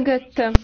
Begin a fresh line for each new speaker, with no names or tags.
Tagad